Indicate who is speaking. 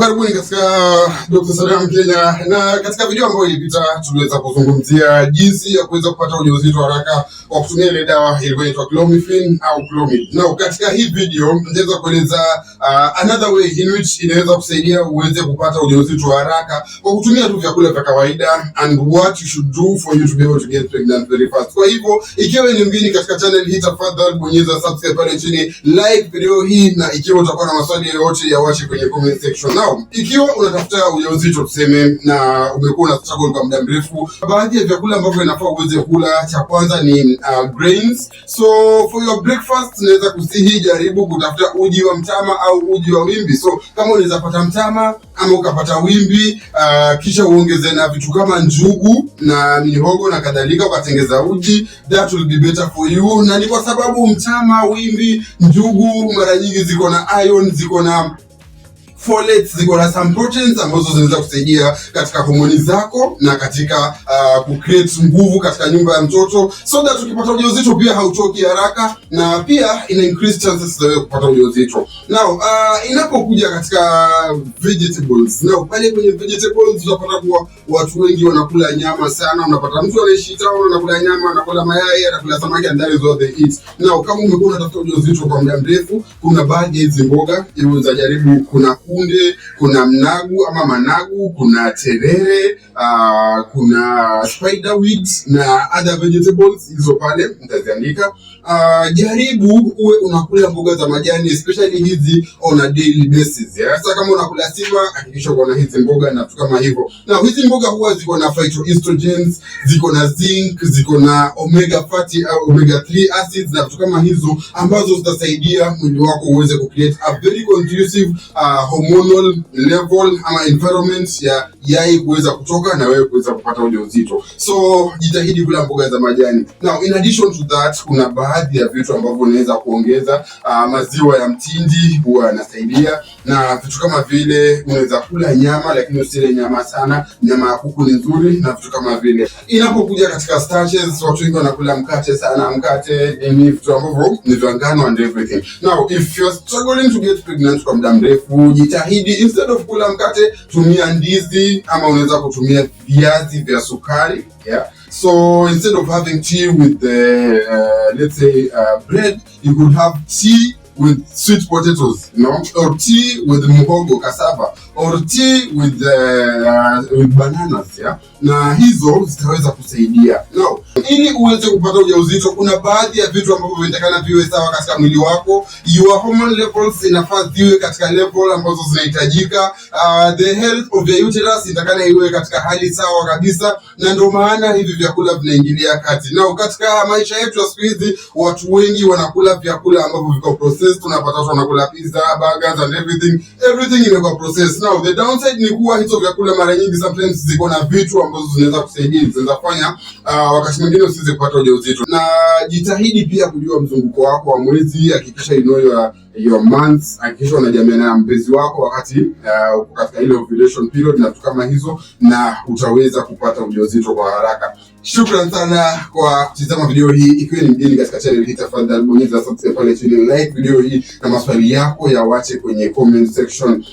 Speaker 1: Karibuni katika Dr. Saddam Kenya, na katika video ambayo ilipita tuliweza kuzungumzia jinsi ya kuweza kupata ujauzito haraka kwa kutumia ile dawa ilikuwa inaitwa au Clomid. Na katika hii video nitaweza kueleza uh, another way in which inaweza kusaidia uweze kupata ujauzito wa haraka kwa kutumia tu vyakula vya kawaida and what you should do for you to be able to get pregnant very fast. Kwa hivyo ikiwa ni mgeni katika channel hii, tafadhali bonyeza subscribe pale chini, like video hii, na ikiwa utakuwa na maswali yoyote ya wache kwenye comment section. Now, ikiwa unatafuta ujauzito tuseme, na umekuwa na struggle kwa muda mrefu, baadhi ya vyakula ambavyo inafaa uweze kula, cha kwanza ni uh, grains. So for your breakfast, naweza kusihi jaribu kutafuta uji wa mtama au uji wa wimbi. So kama unaweza pata mtama ama ukapata wimbi uh, kisha uongeze na vitu kama njugu na mihogo na kadhalika, ukatengeza uji, that will be better for you, na ni kwa sababu mtama, wimbi, njugu mara nyingi ziko na iron, ziko na folate ziko na some proteins ambazo zinaweza kusaidia katika homoni zako na katika uh, kucreate nguvu katika nyumba ya mtoto, so that ukipata ujauzito pia hauchoki haraka, na pia ina increase chances za wewe kupata ujauzito. Now uh, inapokuja katika vegetables, na pale kwenye vegetables utapata kuwa watu wengi wanakula nyama sana. Unapata mtu anaishi town anakula nyama, anakula mayai, anakula samaki and that is all they eat. Now kama umekuwa unatafuta ujauzito kwa muda mrefu, kuna baadhi ya hizi mboga za jaribu kuna kunde, kuna mnagu ama managu, kuna terere uh, kuna spider wheat na other vegetables hizo pale mtaziandika. Uh, jaribu uwe unakula mboga za majani especially hizi on a daily basis ya. Sasa kama unakula sima, hakikisha uko na hizi mboga na kama hivyo. Na hizi mboga huwa ziko na phytoestrogens, ziko na zinc, ziko na omega fatty au uh, omega 3 acids na vitu kama hizo ambazo zitasaidia mwili wako uweze ku create a very conducive uh, hormonal level ama environment ya yai kuweza kutoka na wewe kuweza kupata ujauzito. So jitahidi kula mboga za majani. Now in addition to that, kuna baadhi ya vitu ambavyo unaweza kuongeza. Uh, maziwa ya mtindi huwa yanasaidia na vitu kama vile, unaweza kula nyama lakini usile nyama sana. Nyama ya kuku ni nzuri na vitu kama vile. Inapokuja katika starches, watu wengi wanakula mkate sana, mkate ni vitu ambavyo ni vya ngano and everything. Now if you're struggling to get pregnant kwa muda mrefu jitahidi instead of kula mkate tumia ndizi ama unaweza kutumia viazi vya sukari yeah. So instead of having tea with the uh, let's say uh, bread you could have tea with sweet potatoes you know or tea with muhogo kasaba or tea with, uh, with bananas yeah. Na hizo zitaweza kusaidia no ili uweze kupata ujauzito, kuna baadhi ya vitu ambavyo vinatakana viwe sawa katika mwili wako. Your hormone levels inafaa ziwe katika level ambazo zinahitajika. Uh, the health of the uterus inatakana iwe katika hali sawa kabisa, na ndio maana hivi vyakula vinaingilia kati. Na katika maisha yetu ya siku hizi, watu wengi wanakula vyakula ambavyo viko processed. Tunapata watu wanakula pizza, burgers and everything, everything imekuwa processed. Now the downside ni kuwa hizo vyakula mara nyingi sometimes ziko na vitu ambazo zinaweza kusaidia, zinaweza kufanya uh, wakati nyingine usiweze kupata ujauzito, na jitahidi pia kujua mzunguko wako wa mwezi. Hakikisha you know your, your months, hakikisha unajamiana na mpenzi wako wakati uh, katika ile ovulation period na vitu kama hizo, na utaweza kupata ujauzito kwa haraka. Shukran sana kwa kutizama video hii. Ikiwa ni mgeni katika channel hii, tafadhali bonyeza subscribe pale chini, like video hii, na maswali yako yawache kwenye comment section.